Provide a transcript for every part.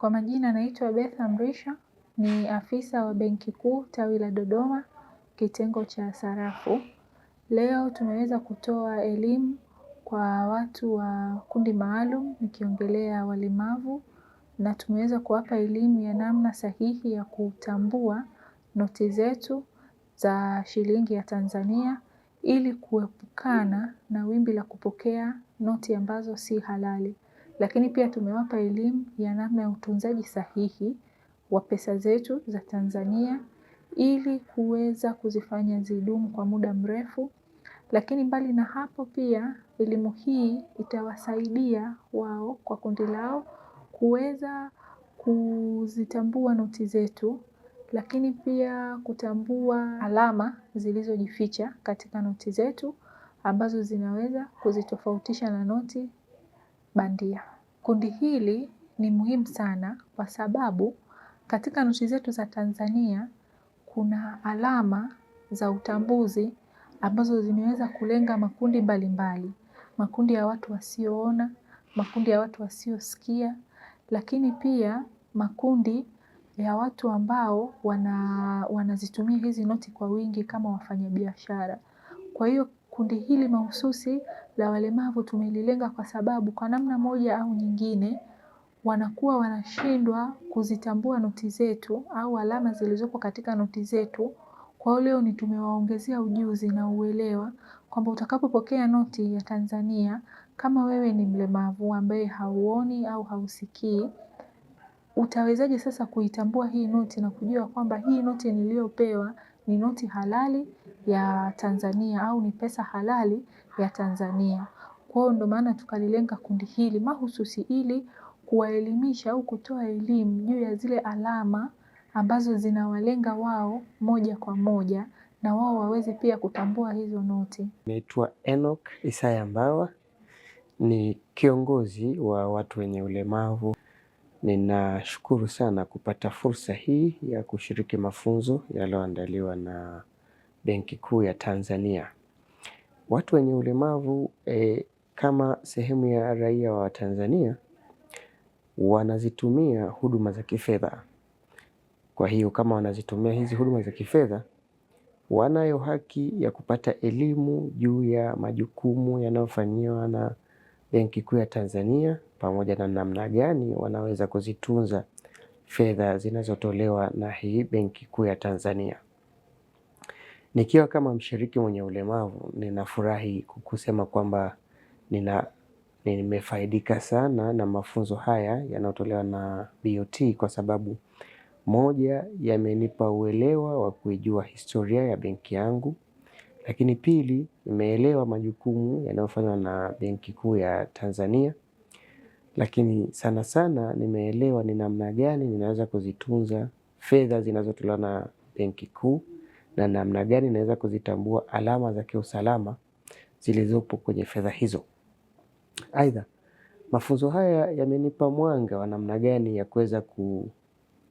Kwa majina naitwa Betha Mrisho, ni afisa wa benki kuu tawi la Dodoma, kitengo cha sarafu. Leo tumeweza kutoa elimu kwa watu wa kundi maalum nikiongelea walemavu na tumeweza kuwapa elimu ya namna sahihi ya kutambua noti zetu za shilingi ya Tanzania ili kuepukana na wimbi la kupokea noti ambazo si halali. Lakini pia tumewapa elimu ya namna ya utunzaji sahihi wa pesa zetu za Tanzania ili kuweza kuzifanya zidumu kwa muda mrefu. Lakini mbali na hapo, pia elimu hii itawasaidia wao kwa kundi lao kuweza kuzitambua noti zetu, lakini pia kutambua alama zilizojificha katika noti zetu ambazo zinaweza kuzitofautisha na noti bandia. Kundi hili ni muhimu sana kwa sababu katika nchi zetu za Tanzania kuna alama za utambuzi ambazo zimeweza kulenga makundi mbalimbali mbali. Makundi ya watu wasioona, makundi ya watu wasiosikia, lakini pia makundi ya watu ambao wana, wanazitumia hizi noti kwa wingi kama wafanyabiashara. Kwa hiyo kundi hili mahususi la walemavu tumelilenga kwa sababu kwa namna moja au nyingine wanakuwa wanashindwa kuzitambua noti zetu au alama zilizopo katika noti zetu. Kwa hiyo leo ni tumewaongezea ujuzi na uelewa kwamba utakapopokea noti ya Tanzania kama wewe ni mlemavu ambaye hauoni au hausikii, utawezaje sasa kuitambua hii noti na kujua kwamba hii noti niliyopewa ni noti halali ya Tanzania au ni pesa halali ya Tanzania. Kwa hiyo ndo maana tukalilenga kundi hili mahususi ili kuwaelimisha au kutoa elimu juu ya zile alama ambazo zinawalenga wao moja kwa moja na wao waweze pia kutambua hizo noti. Naitwa Enoch Isaya Mbawa, ni kiongozi wa watu wenye ulemavu. Ninashukuru sana kupata fursa hii ya kushiriki mafunzo yaliyoandaliwa na Benki Kuu ya Tanzania. Watu wenye ulemavu e, kama sehemu ya raia wa Tanzania wanazitumia huduma za kifedha. Kwa hiyo kama wanazitumia hizi huduma za kifedha, wanayo haki ya kupata elimu juu ya majukumu yanayofanyiwa na Benki Kuu ya Tanzania pamoja na namna gani wanaweza kuzitunza fedha zinazotolewa na hii Benki Kuu ya Tanzania. Nikiwa kama mshiriki mwenye ulemavu, ninafurahi kusema kwamba nina nimefaidika sana na mafunzo haya yanayotolewa na BOT kwa sababu moja, yamenipa uelewa wa kuijua historia ya benki yangu. Lakini pili, nimeelewa majukumu yanayofanywa na Benki Kuu ya Tanzania, lakini sana sana nimeelewa ni namna gani ninaweza kuzitunza fedha zinazotolewa na Benki Kuu na namna gani naweza kuzitambua alama za kiusalama zilizopo kwenye fedha hizo. Aidha, mafunzo haya yamenipa mwanga wa namna gani ya kuweza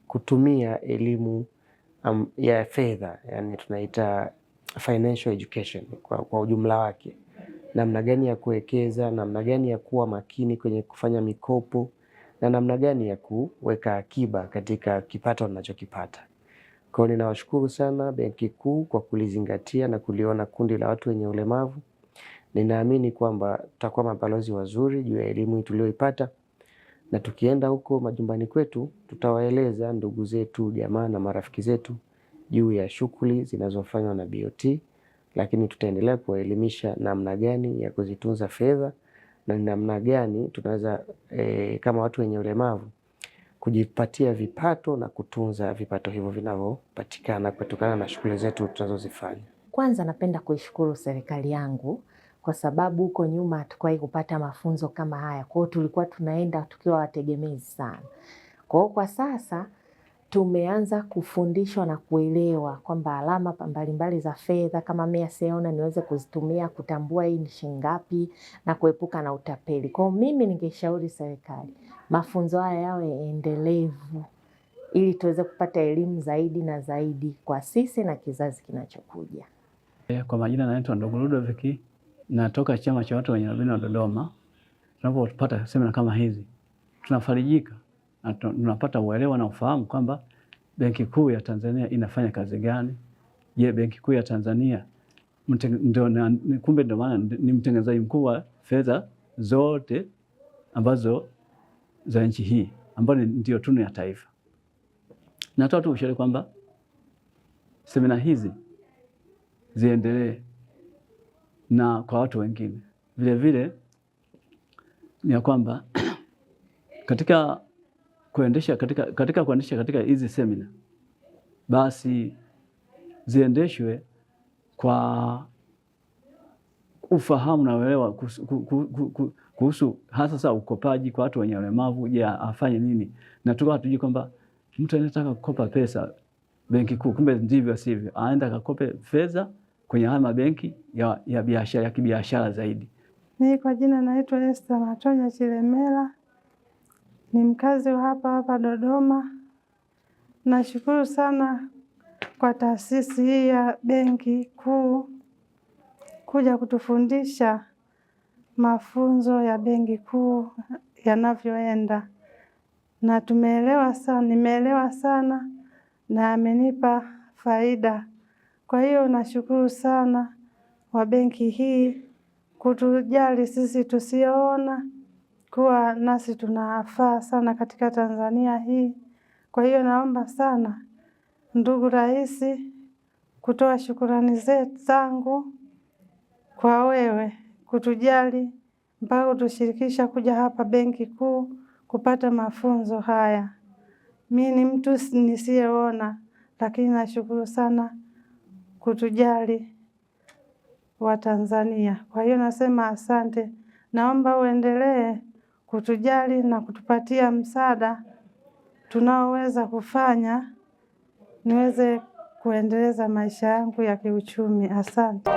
kutumia elimu ya fedha, yani tunaita financial education kwa, kwa ujumla wake, namna gani ya kuwekeza, namna gani ya kuwa makini kwenye kufanya mikopo na namna gani ya kuweka akiba katika kipato ninachokipata. Kwa hiyo ninawashukuru sana Benki Kuu kwa kulizingatia na kuliona kundi la watu wenye ulemavu. Ninaamini kwamba tutakuwa mabalozi wazuri juu ya elimu tulioipata, na tukienda huko majumbani kwetu tutawaeleza ndugu zetu, jamaa na marafiki zetu juu ya shughuli zinazofanywa na BOT, lakini tutaendelea kuwaelimisha namna gani ya kuzitunza fedha na namna gani tunaweza e, kama watu wenye ulemavu kujipatia vipato na kutunza vipato hivyo vinavyopatikana kutokana na shughuli zetu tunazozifanya. Kwanza napenda kuishukuru serikali yangu kwa sababu huko nyuma hatukuwahi kupata mafunzo kama haya, kwa hiyo tulikuwa tunaenda tukiwa wategemezi sana. Kwa hiyo kwa sasa tumeanza kufundishwa na kuelewa kwamba alama mbalimbali za fedha kama mia seona niweze kuzitumia kutambua hii ni shilingi ngapi na kuepuka na utapeli. Kwa mimi ningeshauri serikali mafunzo haya yawe endelevu ili tuweze kupata elimu zaidi na zaidi kwa sisi na kizazi kinachokuja. Kwa majina naitwa Ndugu Ludoviki, natoka chama cha watu wenye albino Dodoma. Tunapopata semina kama hizi tunafarijika tunapata uelewa na ufahamu kwamba Benki Kuu ya Tanzania inafanya kazi gani. Je, Benki Kuu ya Tanzania ndio kumbe, ndio maana ni mtengenezaji mkuu wa fedha zote ambazo za nchi hii ambayo ndio tunu ya taifa. Natoa tu ushauri kwamba semina hizi ziendelee na kwa watu wengine vilevile, ni ya kwamba katika kuendesha katika, katika kuendesha katika hizi semina basi ziendeshwe kwa ufahamu na uelewa kuhusu hasa sasa ukopaji kwa watu wenye ulemavu. Je, afanye nini? Na tuko hatujui kwamba mtu anataka kukopa pesa benki kuu, kumbe ndivyo sivyo, aenda akakope fedha kwenye haya mabenki ya, ya biashara ya kibiashara zaidi. Mimi kwa jina naitwa Esther Matonya Chilemela ni mkazi wa hapa hapa Dodoma. Nashukuru sana kwa taasisi hii ya Benki Kuu kuja kutufundisha mafunzo ya Benki Kuu yanavyoenda, na tumeelewa sana, nimeelewa sana na amenipa faida. Kwa hiyo nashukuru sana wa benki hii kutujali sisi tusioona kuwa nasi tunafaa sana katika Tanzania hii. Kwa hiyo naomba sana ndugu rais, kutoa shukurani zetu zangu kwa wewe kutujali mpaka kutushirikisha kuja hapa Benki Kuu kupata mafunzo haya. Mi ni mtu nisiyeona, lakini nashukuru sana kutujali Watanzania. Kwa hiyo nasema asante, naomba uendelee kutujali na kutupatia msaada tunaoweza kufanya niweze kuendeleza maisha yangu ya kiuchumi. Asante.